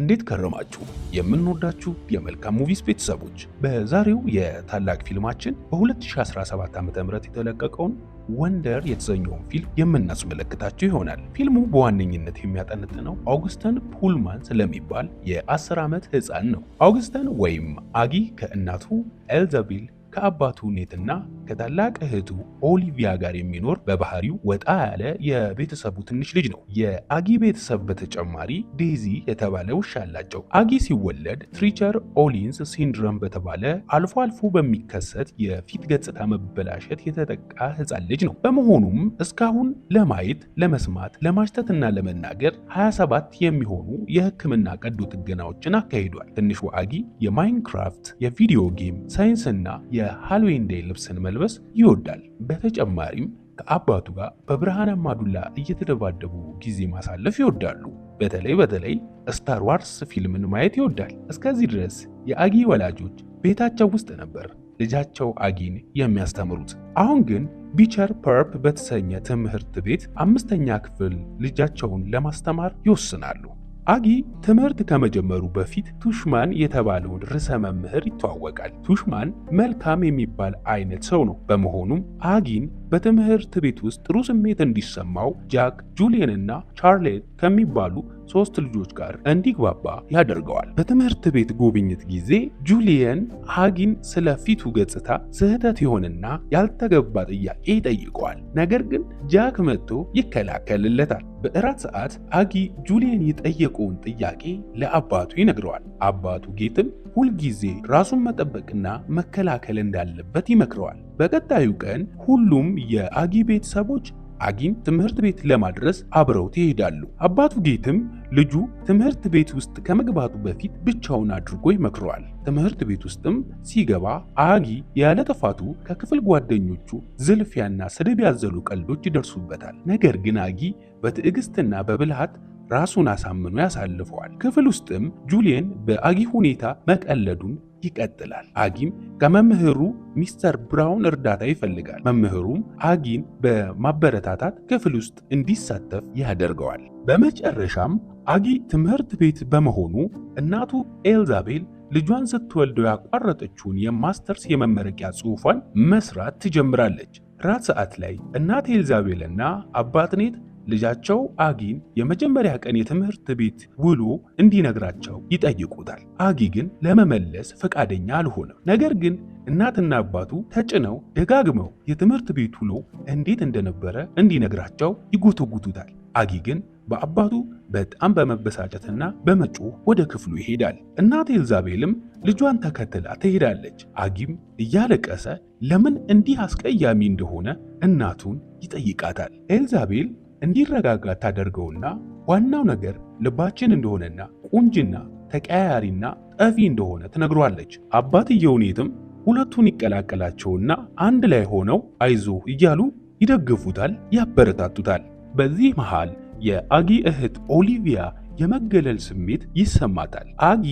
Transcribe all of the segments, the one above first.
እንዴት ከረማችሁ? የምንወዳችሁ የመልካም ሙቪስ ቤተሰቦች በዛሬው የታላቅ ፊልማችን በ2017 ዓ.ም የተለቀቀውን ወንደር የተሰኘውን ፊልም የምናስመለክታችሁ ይሆናል። ፊልሙ በዋነኝነት የሚያጠነጥነው አውግስተን ፑልማን ስለሚባል የ10 ዓመት ህፃን ነው። አውግስተን ወይም አጊ ከእናቱ ኤልዛቤል ከአባቱ ኔትና ከታላቅ እህቱ ኦሊቪያ ጋር የሚኖር በባህሪው ወጣ ያለ የቤተሰቡ ትንሽ ልጅ ነው። የአጊ ቤተሰብ በተጨማሪ ዴዚ የተባለ ውሻ አላቸው። አጊ ሲወለድ ትሪቸር ኦሊንስ ሲንድረም በተባለ አልፎ አልፎ በሚከሰት የፊት ገጽታ መበላሸት የተጠቃ ህፃን ልጅ ነው። በመሆኑም እስካሁን ለማየት፣ ለመስማት፣ ለማሽተትና ለመናገር 27 የሚሆኑ የህክምና ቀዶ ጥገናዎችን አካሂዷል። ትንሹ አጊ የማይንክራፍት የቪዲዮ ጌም ሳይንስና የሃሎዊን ዴይ ልብስን መልበስ ይወዳል። በተጨማሪም ከአባቱ ጋር በብርሃናማ ዱላ እየተደባደቡ ጊዜ ማሳለፍ ይወዳሉ። በተለይ በተለይ ስታር ዋርስ ፊልምን ማየት ይወዳል። እስከዚህ ድረስ የአጊ ወላጆች ቤታቸው ውስጥ ነበር ልጃቸው አጊን የሚያስተምሩት። አሁን ግን ቢቸር ፐርፕ በተሰኘ ትምህርት ቤት አምስተኛ ክፍል ልጃቸውን ለማስተማር ይወስናሉ። አጊ ትምህርት ከመጀመሩ በፊት ቱሽማን የተባለውን ርዕሰ መምህር ይተዋወቃል። ቱሽማን መልካም የሚባል አይነት ሰው ነው። በመሆኑም አጊን በትምህርት ቤት ውስጥ ጥሩ ስሜት እንዲሰማው ጃክ፣ ጁሊየን እና ቻርሌት ከሚባሉ ሶስት ልጆች ጋር እንዲግባባ ያደርገዋል። በትምህርት ቤት ጉብኝት ጊዜ ጁሊየን ሀጊን ስለ ፊቱ ገጽታ ስህተት የሆነና ያልተገባ ጥያቄ ይጠይቀዋል። ነገር ግን ጃክ መጥቶ ይከላከልለታል። በእራት ሰዓት አጊ ጁሊየን የጠየቀውን ጥያቄ ለአባቱ ይነግረዋል። አባቱ ጌትም ሁልጊዜ ራሱን መጠበቅና መከላከል እንዳለበት ይመክረዋል። በቀጣዩ ቀን ሁሉም የአጊ ቤተሰቦች አጊን ትምህርት ቤት ለማድረስ አብረውት ይሄዳሉ። አባቱ ጌትም ልጁ ትምህርት ቤት ውስጥ ከመግባቱ በፊት ብቻውን አድርጎ ይመክረዋል። ትምህርት ቤት ውስጥም ሲገባ አጊ ያለ ጥፋቱ ከክፍል ጓደኞቹ ዝልፊያና ስድብ ያዘሉ ቀልዶች ይደርሱበታል። ነገር ግን አጊ በትዕግስትና በብልሃት ራሱን አሳምኖ ያሳልፈዋል። ክፍል ውስጥም ጁሊየን በአጊ ሁኔታ መቀለዱን ይቀጥላል። አጊም ከመምህሩ ሚስተር ብራውን እርዳታ ይፈልጋል። መምህሩም አጊን በማበረታታት ክፍል ውስጥ እንዲሳተፍ ያደርገዋል። በመጨረሻም አጊ ትምህርት ቤት በመሆኑ እናቱ ኤልዛቤል ልጇን ስትወልደው ያቋረጠችውን የማስተርስ የመመረቂያ ጽሑፏን መስራት ትጀምራለች። ራት ሰዓት ላይ እናት ኤልዛቤልና አባት ኔት ልጃቸው አጊን የመጀመሪያ ቀን የትምህርት ቤት ውሎ እንዲነግራቸው ይጠይቁታል። አጊ ግን ለመመለስ ፈቃደኛ አልሆነም። ነገር ግን እናትና አባቱ ተጭነው ደጋግመው የትምህርት ቤት ውሎ እንዴት እንደነበረ እንዲነግራቸው ይጎተጉቱታል። አጊ ግን በአባቱ በጣም በመበሳጨትና በመጮህ ወደ ክፍሉ ይሄዳል። እናት ኤልዛቤልም ልጇን ተከትላ ትሄዳለች። አጊም እያለቀሰ ለምን እንዲህ አስቀያሚ እንደሆነ እናቱን ይጠይቃታል። ኤልዛቤል እንዲረጋጋ ታደርገውና ዋናው ነገር ልባችን እንደሆነና ቁንጅና ተቀያያሪና ጠፊ እንደሆነ ትነግሯለች። አባትየው ኔትም ሁለቱን ይቀላቀላቸውና አንድ ላይ ሆነው አይዞህ እያሉ ይደግፉታል፣ ያበረታቱታል። በዚህ መሃል የአጊ እህት ኦሊቪያ የመገለል ስሜት ይሰማታል። አጊ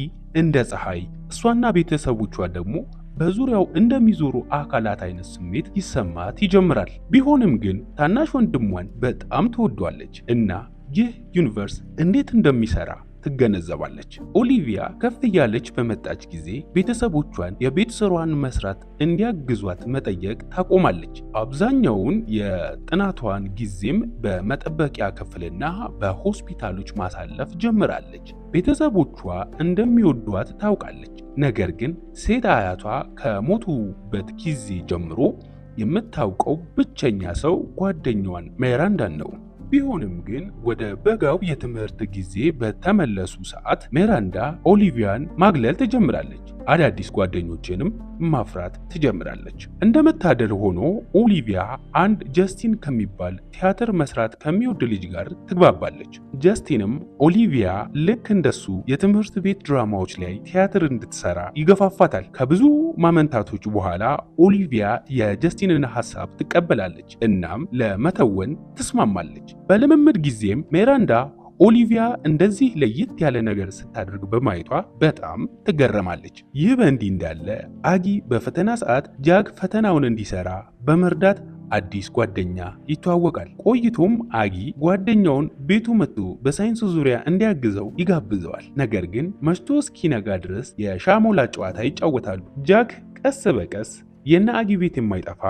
እንደ ፀሐይ፣ እሷና ቤተሰቦቿ ደግሞ በዙሪያው እንደሚዞሩ አካላት አይነት ስሜት ይሰማት ይጀምራል። ቢሆንም ግን ታናሽ ወንድሟን በጣም ትወዷለች እና ይህ ዩኒቨርስ እንዴት እንደሚሰራ ትገነዘባለች። ኦሊቪያ ከፍ እያለች በመጣች ጊዜ ቤተሰቦቿን የቤት ስሯን መስራት እንዲያግዟት መጠየቅ ታቆማለች። አብዛኛውን የጥናቷን ጊዜም በመጠበቂያ ክፍልና በሆስፒታሎች ማሳለፍ ጀምራለች። ቤተሰቦቿ እንደሚወዷት ታውቃለች። ነገር ግን ሴት አያቷ ከሞቱበት ጊዜ ጀምሮ የምታውቀው ብቸኛ ሰው ጓደኛዋን ሜራንዳን ነው። ቢሆንም ግን ወደ በጋው የትምህርት ጊዜ በተመለሱ ሰዓት ሜራንዳ ኦሊቪያን ማግለል ትጀምራለች። አዳዲስ ጓደኞችንም ማፍራት ትጀምራለች። እንደ መታደል ሆኖ ኦሊቪያ አንድ ጀስቲን ከሚባል ቲያትር መስራት ከሚወድ ልጅ ጋር ትግባባለች። ጀስቲንም ኦሊቪያ ልክ እንደሱ የትምህርት ቤት ድራማዎች ላይ ቲያትር እንድትሰራ ይገፋፋታል። ከብዙ ማመንታቶች በኋላ ኦሊቪያ የጀስቲንን ሀሳብ ትቀበላለች። እናም ለመተወን ትስማማለች። በልምምድ ጊዜም ሜራንዳ ኦሊቪያ እንደዚህ ለየት ያለ ነገር ስታደርግ በማየቷ በጣም ትገረማለች። ይህ በእንዲህ እንዳለ አጊ በፈተና ሰዓት ጃክ ፈተናውን እንዲሰራ በመርዳት አዲስ ጓደኛ ይተዋወቃል። ቆይቶም አጊ ጓደኛውን ቤቱ መጥቶ በሳይንሱ ዙሪያ እንዲያግዘው ይጋብዘዋል። ነገር ግን መሽቶ እስኪነጋ ድረስ የሻሞላ ጨዋታ ይጫወታሉ። ጃክ ቀስ በቀስ የነ አጊ ቤት የማይጠፋ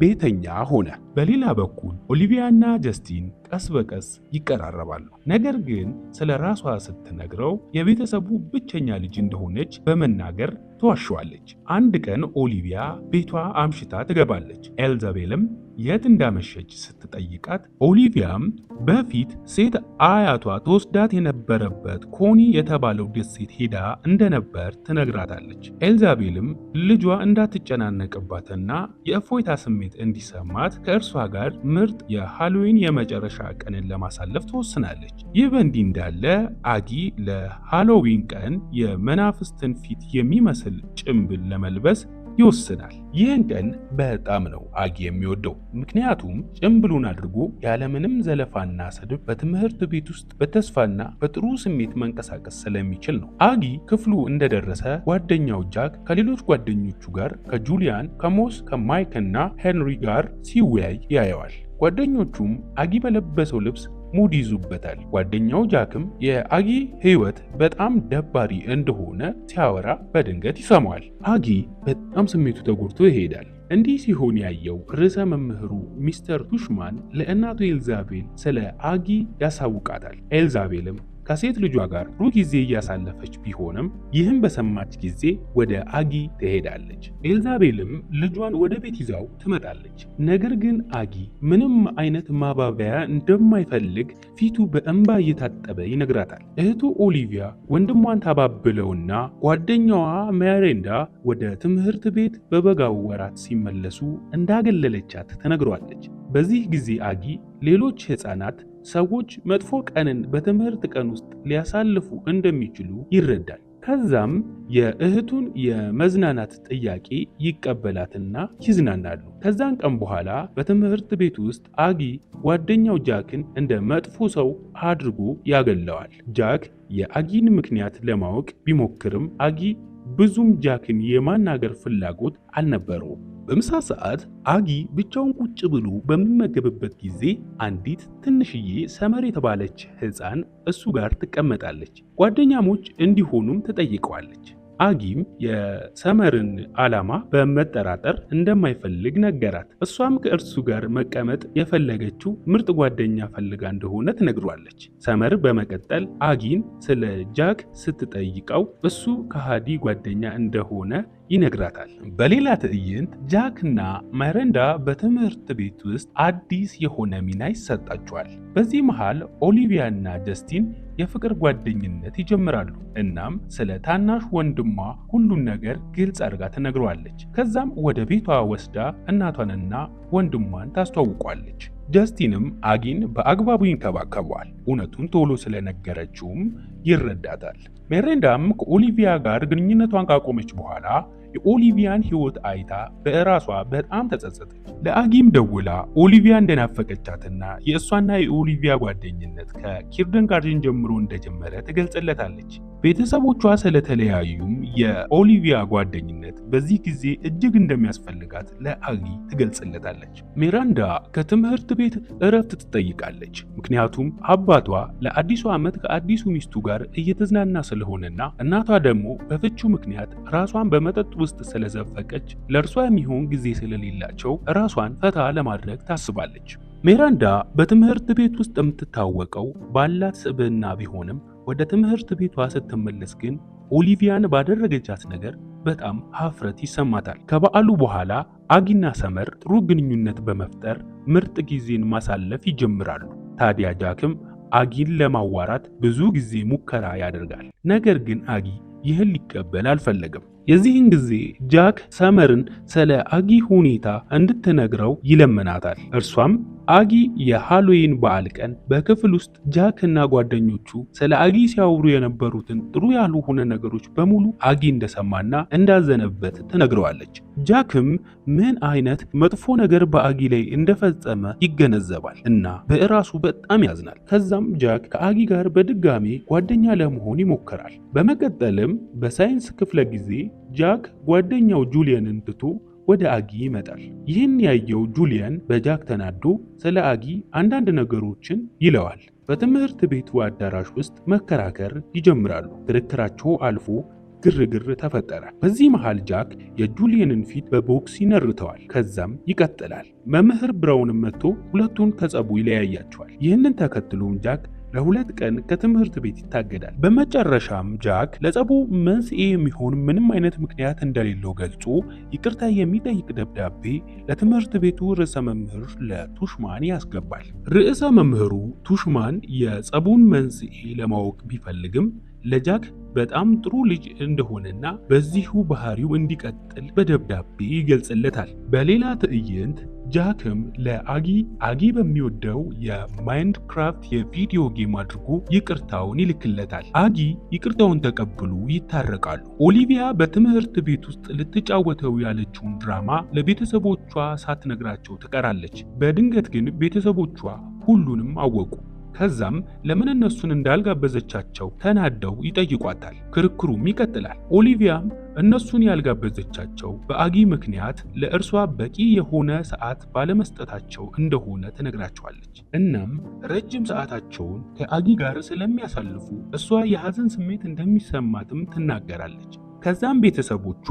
ቤተኛ ሆነ። በሌላ በኩል ኦሊቪያና ጀስቲን ቀስ በቀስ ይቀራረባሉ። ነገር ግን ስለ ራሷ ስትነግረው የቤተሰቡ ብቸኛ ልጅ እንደሆነች በመናገር ትዋሸዋለች። አንድ ቀን ኦሊቪያ ቤቷ አምሽታ ትገባለች። ኤልዛቤልም የት እንዳመሸች ስትጠይቃት ኦሊቪያም በፊት ሴት አያቷ ተወስዳት የነበረበት ኮኒ የተባለው ደሴት ሄዳ እንደነበር ትነግራታለች። ኤልዛቤልም ልጇ እንዳትጨናነቅባትና የእፎይታ ስሜት እንዲሰማት ከእርሷ ጋር ምርጥ የሃሎዊን የመጨረሻ ቀንን ለማሳለፍ ትወስናለች። ይህ በእንዲህ እንዳለ አጊ ለሃሎዊን ቀን የመናፍስትን ፊት የሚመስል የሚመስል ጭምብል ለመልበስ ይወስናል። ይህን ቀን በጣም ነው አጊ የሚወደው። ምክንያቱም ጭምብሉን አድርጎ ያለምንም ዘለፋና ስድብ በትምህርት ቤት ውስጥ በተስፋና በጥሩ ስሜት መንቀሳቀስ ስለሚችል ነው። አጊ ክፍሉ እንደደረሰ ጓደኛው ጃክ ከሌሎች ጓደኞቹ ጋር ከጁሊያን፣ ከሞስ፣ ከማይክ እና ሄንሪ ጋር ሲወያይ ያየዋል። ጓደኞቹም አጊ በለበሰው ልብስ ሙድ ይዙበታል። ጓደኛው ጃክም የአጊ ህይወት በጣም ደባሪ እንደሆነ ሲያወራ በድንገት ይሰማዋል። አጊ በጣም ስሜቱ ተጎድቶ ይሄዳል። እንዲህ ሲሆን ያየው ርዕሰ መምህሩ ሚስተር ቱሽማን ለእናቱ ኤልዛቤል ስለ አጊ ያሳውቃታል። ኤልዛቤልም ከሴት ልጇ ጋር ጥሩ ጊዜ እያሳለፈች ቢሆንም ይህም በሰማች ጊዜ ወደ አጊ ትሄዳለች። ኤልዛቤልም ልጇን ወደ ቤት ይዛው ትመጣለች። ነገር ግን አጊ ምንም አይነት ማባበያ እንደማይፈልግ ፊቱ በእንባ እየታጠበ ይነግራታል። እህቱ ኦሊቪያ ወንድሟን ታባብለውና ጓደኛዋ ሜሬንዳ ወደ ትምህርት ቤት በበጋው ወራት ሲመለሱ እንዳገለለቻት ተነግሯለች። በዚህ ጊዜ አጊ ሌሎች ሕፃናት ሰዎች መጥፎ ቀንን በትምህርት ቀን ውስጥ ሊያሳልፉ እንደሚችሉ ይረዳል። ከዛም የእህቱን የመዝናናት ጥያቄ ይቀበላትና ይዝናናሉ። ከዛን ቀን በኋላ በትምህርት ቤት ውስጥ አጊ ጓደኛው ጃክን እንደ መጥፎ ሰው አድርጎ ያገለዋል። ጃክ የአጊን ምክንያት ለማወቅ ቢሞክርም አጊ ብዙም ጃክን የማናገር ፍላጎት አልነበረውም። በምሳ ሰዓት አጊ ብቻውን ቁጭ ብሎ በሚመገብበት ጊዜ አንዲት ትንሽዬ ሰመር የተባለች ሕፃን እሱ ጋር ትቀመጣለች። ጓደኛሞች እንዲሆኑም ትጠይቀዋለች። አጊም የሰመርን ዓላማ በመጠራጠር እንደማይፈልግ ነገራት። እሷም ከእርሱ ጋር መቀመጥ የፈለገችው ምርጥ ጓደኛ ፈልጋ እንደሆነ ትነግሯለች። ሰመር በመቀጠል አጊን ስለ ጃክ ስትጠይቀው እሱ ከሃዲ ጓደኛ እንደሆነ ይነግራታል። በሌላ ትዕይንት ጃክና መረንዳ በትምህርት ቤት ውስጥ አዲስ የሆነ ሚና ይሰጣቸዋል። በዚህ መሃል ኦሊቪያና ጀስቲን የፍቅር ጓደኝነት ይጀምራሉ። እናም ስለ ታናሽ ወንድሟ ሁሉን ነገር ግልጽ አድርጋ ትነግረዋለች። ከዛም ወደ ቤቷ ወስዳ እናቷንና ወንድሟን ታስተዋውቋለች። ጀስቲንም አጊን በአግባቡ ይንከባከቧል እውነቱን ቶሎ ስለነገረችውም ይረዳታል። ሜሬንዳም ከኦሊቪያ ጋር ግንኙነቷን ካቆመች በኋላ የኦሊቪያን ሕይወት አይታ በራሷ በጣም ተጸጸተች። ለአጊም ደውላ ኦሊቪያ እንደናፈቀቻትና የእሷና የኦሊቪያ ጓደኝነት ከኪርደን ጋርደን ጀምሮ እንደጀመረ ትገልጽለታለች። ቤተሰቦቿ ስለተለያዩም የኦሊቪያ ጓደኝነት በዚህ ጊዜ እጅግ እንደሚያስፈልጋት ለአጊ ትገልጽለታለች። ሜራንዳ ከትምህርት ቤት እረፍት ትጠይቃለች። ምክንያቱም አባቷ ለአዲሱ ዓመት ከአዲሱ ሚስቱ ጋር እየተዝናና ስለሆነና እናቷ ደግሞ በፍቹ ምክንያት ራሷን በመጠጥ ውስጥ ስለዘፈቀች ለእርሷ የሚሆን ጊዜ ስለሌላቸው ራሷን ፈታ ለማድረግ ታስባለች። ሜራንዳ በትምህርት ቤት ውስጥ የምትታወቀው ባላት ስብዕና ቢሆንም ወደ ትምህርት ቤቷ ስትመለስ ግን ኦሊቪያን ባደረገቻት ነገር በጣም ሀፍረት ይሰማታል። ከበዓሉ በኋላ አጊና ሰመር ጥሩ ግንኙነት በመፍጠር ምርጥ ጊዜን ማሳለፍ ይጀምራሉ። ታዲያ ጃክም አጊን ለማዋራት ብዙ ጊዜ ሙከራ ያደርጋል። ነገር ግን አጊ ይህን ሊቀበል አልፈለገም። የዚህን ጊዜ ጃክ ሰመርን ስለ አጊ ሁኔታ እንድትነግረው ይለምናታል። እርሷም አጊ የሃሎዊን በዓል ቀን በክፍል ውስጥ ጃክ እና ጓደኞቹ ስለ አጊ ሲያወሩ የነበሩትን ጥሩ ያልሆነ ነገሮች በሙሉ አጊ እንደሰማና እንዳዘነበት ትነግረዋለች። ጃክም ምን አይነት መጥፎ ነገር በአጊ ላይ እንደፈጸመ ይገነዘባል እና በራሱ በጣም ያዝናል። ከዛም ጃክ ከአጊ ጋር በድጋሜ ጓደኛ ለመሆን ይሞክራል። በመቀጠልም በሳይንስ ክፍለ ጊዜ ጃክ ጓደኛው ጁሊየንን ትቶ ወደ አጊ ይመጣል። ይህን ያየው ጁሊያን በጃክ ተናዶ ስለ አጊ አንዳንድ ነገሮችን ይለዋል። በትምህርት ቤቱ አዳራሽ ውስጥ መከራከር ይጀምራሉ። ክርክራቸው አልፎ ግርግር ተፈጠረ። በዚህ መሃል ጃክ የጁሊየንን ፊት በቦክስ ይነርተዋል። ከዛም ይቀጥላል። መምህር ብራውንም መጥቶ ሁለቱን ከጸቡ ይለያያቸዋል። ይህንን ተከትሎም ጃክ ለሁለት ቀን ከትምህርት ቤት ይታገዳል። በመጨረሻም ጃክ ለጸቡ መንስኤ የሚሆን ምንም አይነት ምክንያት እንደሌለው ገልጾ ይቅርታ የሚጠይቅ ደብዳቤ ለትምህርት ቤቱ ርዕሰ መምህር ለቱሽማን ያስገባል። ርዕሰ መምህሩ ቱሽማን የጸቡን መንስኤ ለማወቅ ቢፈልግም ለጃክ በጣም ጥሩ ልጅ እንደሆነና በዚሁ ባህሪው እንዲቀጥል በደብዳቤ ይገልጽለታል። በሌላ ትዕይንት ጃክም ለአጊ አጊ በሚወደው የማይንድክራፍት የቪዲዮ ጌም አድርጎ ይቅርታውን ይልክለታል። አጊ ይቅርታውን ተቀብሎ ይታረቃሉ። ኦሊቪያ በትምህርት ቤት ውስጥ ልትጫወተው ያለችውን ድራማ ለቤተሰቦቿ ሳትነግራቸው ትቀራለች። በድንገት ግን ቤተሰቦቿ ሁሉንም አወቁ። ከዛም ለምን እነሱን እንዳልጋበዘቻቸው ተናደው ይጠይቋታል። ክርክሩም ይቀጥላል። ኦሊቪያም እነሱን ያልጋበዘቻቸው በአጊ ምክንያት ለእርሷ በቂ የሆነ ሰዓት ባለመስጠታቸው እንደሆነ ትነግራቸዋለች። እናም ረጅም ሰዓታቸውን ከአጊ ጋር ስለሚያሳልፉ እሷ የሐዘን ስሜት እንደሚሰማትም ትናገራለች። ከዛም ቤተሰቦቿ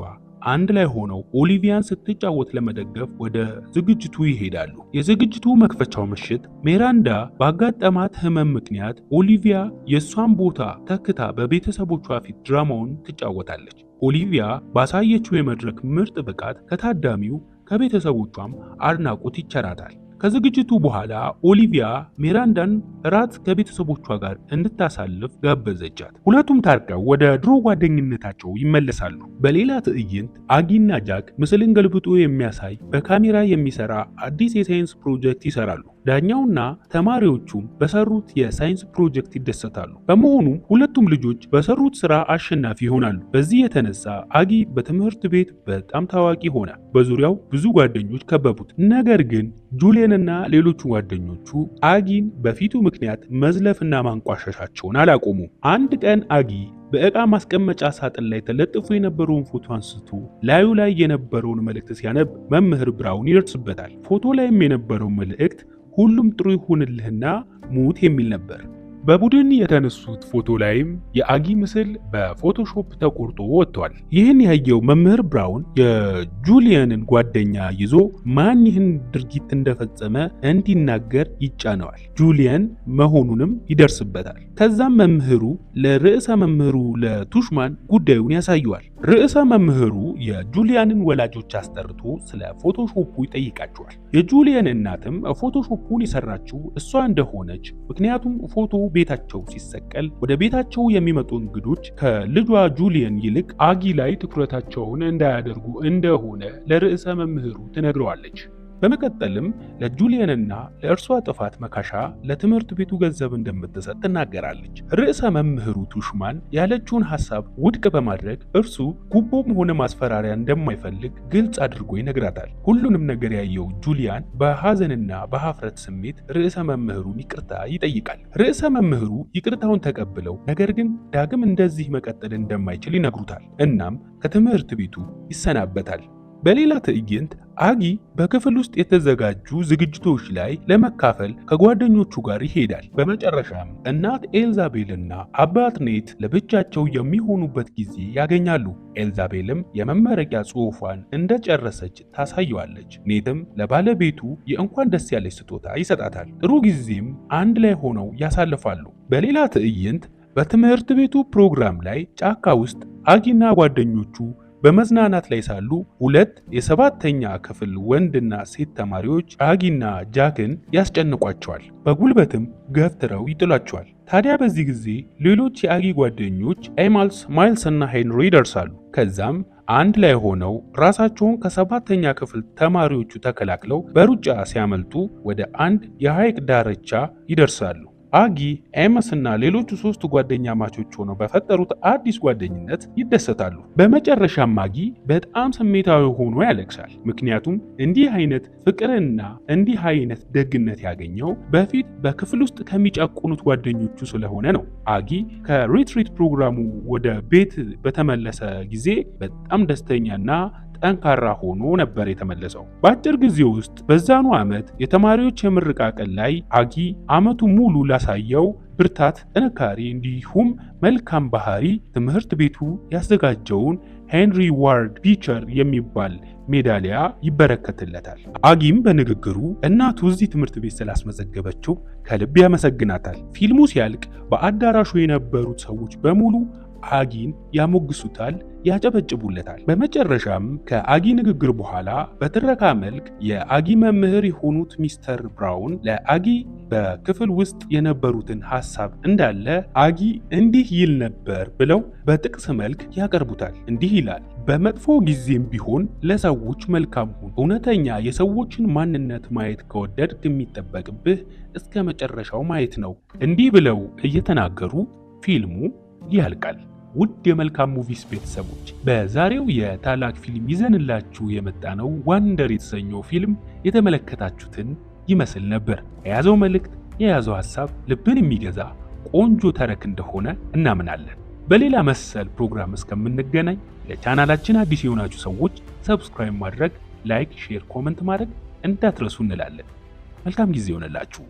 አንድ ላይ ሆነው ኦሊቪያን ስትጫወት ለመደገፍ ወደ ዝግጅቱ ይሄዳሉ። የዝግጅቱ መክፈቻው ምሽት ሜራንዳ ባጋጠማት ሕመም ምክንያት ኦሊቪያ የእሷን ቦታ ተክታ በቤተሰቦቿ ፊት ድራማውን ትጫወታለች። ኦሊቪያ ባሳየችው የመድረክ ምርጥ ብቃት ከታዳሚው ከቤተሰቦቿም አድናቆት ይቸራታል። ከዝግጅቱ በኋላ ኦሊቪያ ሚራንዳን እራት ከቤተሰቦቿ ጋር እንድታሳልፍ ጋበዘቻት። ሁለቱም ታርቀው ወደ ድሮ ጓደኝነታቸው ይመለሳሉ። በሌላ ትዕይንት አጊና ጃክ ምስልን ገልብጦ የሚያሳይ በካሜራ የሚሰራ አዲስ የሳይንስ ፕሮጀክት ይሰራሉ። ዳኛውና ተማሪዎቹም በሰሩት የሳይንስ ፕሮጀክት ይደሰታሉ። በመሆኑም ሁለቱም ልጆች በሰሩት ስራ አሸናፊ ይሆናሉ። በዚህ የተነሳ አጊ በትምህርት ቤት በጣም ታዋቂ ሆነ። በዙሪያው ብዙ ጓደኞች ከበቡት። ነገር ግን ጁሊየንና ሌሎቹ ጓደኞቹ አጊን በፊቱ ምክንያት መዝለፍና ማንቋሸሻቸውን አላቆሙም። አንድ ቀን አጊ በእቃ ማስቀመጫ ሳጥን ላይ ተለጥፎ የነበረውን ፎቶ አንስቶ ላዩ ላይ የነበረውን መልእክት ሲያነብ መምህር ብራውን ይደርስበታል። ፎቶ ላይም የነበረው መልእክት ሁሉም ጥሩ ይሁንልህና ሙት የሚል ነበር። በቡድን የተነሱት ፎቶ ላይም የአጊ ምስል በፎቶሾፕ ተቆርጦ ወጥቷል። ይህን ያየው መምህር ብራውን የጁሊየንን ጓደኛ ይዞ ማን ይህን ድርጊት እንደፈጸመ እንዲናገር ይጫነዋል። ጁሊየን መሆኑንም ይደርስበታል። ከዛም መምህሩ ለርዕሰ መምህሩ ለቱሽማን ጉዳዩን ያሳየዋል። ርዕሰ መምህሩ የጁሊያንን ወላጆች አስጠርቶ ስለ ፎቶሾፑ ይጠይቃቸዋል። የጁሊየን እናትም ፎቶሾፑን የሰራችው እሷ እንደሆነች ምክንያቱም ፎቶ ቤታቸው ሲሰቀል ወደ ቤታቸው የሚመጡ እንግዶች ከልጇ ጁሊየን ይልቅ አጊ ላይ ትኩረታቸውን እንዳያደርጉ እንደሆነ ለርዕሰ መምህሩ ትነግረዋለች። በመቀጠልም ለጁሊየንና ለእርሷ ጥፋት መካሻ ለትምህርት ቤቱ ገንዘብ እንደምትሰጥ ትናገራለች። ርዕሰ መምህሩ ቱሽማን ያለችውን ሀሳብ ውድቅ በማድረግ እርሱ ጉቦም ሆነ ማስፈራሪያ እንደማይፈልግ ግልጽ አድርጎ ይነግራታል። ሁሉንም ነገር ያየው ጁሊያን በሐዘንና በሀፍረት ስሜት ርዕሰ መምህሩን ይቅርታ ይጠይቃል። ርዕሰ መምህሩ ይቅርታውን ተቀብለው ነገር ግን ዳግም እንደዚህ መቀጠል እንደማይችል ይነግሩታል። እናም ከትምህርት ቤቱ ይሰናበታል። በሌላ ትዕይንት አጊ በክፍል ውስጥ የተዘጋጁ ዝግጅቶች ላይ ለመካፈል ከጓደኞቹ ጋር ይሄዳል። በመጨረሻም እናት ኤልዛቤልና አባት ኔት ለብቻቸው የሚሆኑበት ጊዜ ያገኛሉ። ኤልዛቤልም የመመረቂያ ጽሑፏን እንደጨረሰች ታሳየዋለች። ኔትም ለባለቤቱ የእንኳን ደስ ያለች ስጦታ ይሰጣታል። ጥሩ ጊዜም አንድ ላይ ሆነው ያሳልፋሉ። በሌላ ትዕይንት በትምህርት ቤቱ ፕሮግራም ላይ ጫካ ውስጥ አጊና ጓደኞቹ በመዝናናት ላይ ሳሉ ሁለት የሰባተኛ ክፍል ወንድና ሴት ተማሪዎች አጊና ጃክን ያስጨንቋቸዋል። በጉልበትም ገፍትረው ይጥሏቸዋል። ታዲያ በዚህ ጊዜ ሌሎች የአጊ ጓደኞች ኤማልስ፣ ማይልስ እና ሄንሪ ይደርሳሉ። ከዛም አንድ ላይ ሆነው ራሳቸውን ከሰባተኛ ክፍል ተማሪዎቹ ተከላክለው በሩጫ ሲያመልጡ ወደ አንድ የሐይቅ ዳርቻ ይደርሳሉ። አጊ፣ ኤምስ እና ሌሎቹ ሶስት ጓደኛ ማቾች ሆነው በፈጠሩት አዲስ ጓደኝነት ይደሰታሉ። በመጨረሻም አጊ በጣም ስሜታዊ ሆኖ ያለቅሳል። ምክንያቱም እንዲህ አይነት ፍቅርና እንዲህ አይነት ደግነት ያገኘው በፊት በክፍል ውስጥ ከሚጫቁኑት ጓደኞቹ ስለሆነ ነው። አጊ ከሪትሪት ፕሮግራሙ ወደ ቤት በተመለሰ ጊዜ በጣም ደስተኛና ጠንካራ ሆኖ ነበር የተመለሰው። በአጭር ጊዜ ውስጥ በዛኑ ዓመት የተማሪዎች የምረቃ ቀን ላይ አጊ ዓመቱ ሙሉ ላሳየው ብርታት፣ ጥንካሬ እንዲሁም መልካም ባህሪ ትምህርት ቤቱ ያዘጋጀውን ሄንሪ ዋርድ ቢቸር የሚባል ሜዳሊያ ይበረከትለታል። አጊም በንግግሩ እናቱ እዚህ ትምህርት ቤት ስላስመዘገበችው ከልብ ያመሰግናታል። ፊልሙ ሲያልቅ በአዳራሹ የነበሩት ሰዎች በሙሉ አጊን ያሞግሱታል፣ ያጨበጭቡለታል። በመጨረሻም ከአጊ ንግግር በኋላ በትረካ መልክ የአጊ መምህር የሆኑት ሚስተር ብራውን ለአጊ በክፍል ውስጥ የነበሩትን ሐሳብ እንዳለ አጊ እንዲህ ይል ነበር ብለው በጥቅስ መልክ ያቀርቡታል። እንዲህ ይላል በመጥፎ ጊዜም ቢሆን ለሰዎች መልካም ሁን። እውነተኛ የሰዎችን ማንነት ማየት ከወደድክ የሚጠበቅብህ እስከ መጨረሻው ማየት ነው። እንዲህ ብለው እየተናገሩ ፊልሙ ያልቃል። ውድ የመልካም ሙቪስ ቤተሰቦች በዛሬው የታላቅ ፊልም ይዘንላችሁ የመጣነው ዋንደር የተሰኘው ፊልም የተመለከታችሁትን ይመስል ነበር። የያዘው መልእክት፣ የያዘው ሀሳብ ልብን የሚገዛ ቆንጆ ተረክ እንደሆነ እናምናለን። በሌላ መሰል ፕሮግራም እስከምንገናኝ ለቻናላችን አዲስ የሆናችሁ ሰዎች ሰብስክራይብ ማድረግ፣ ላይክ፣ ሼር፣ ኮመንት ማድረግ እንዳትረሱ እንላለን። መልካም ጊዜ ይሆንላችሁ።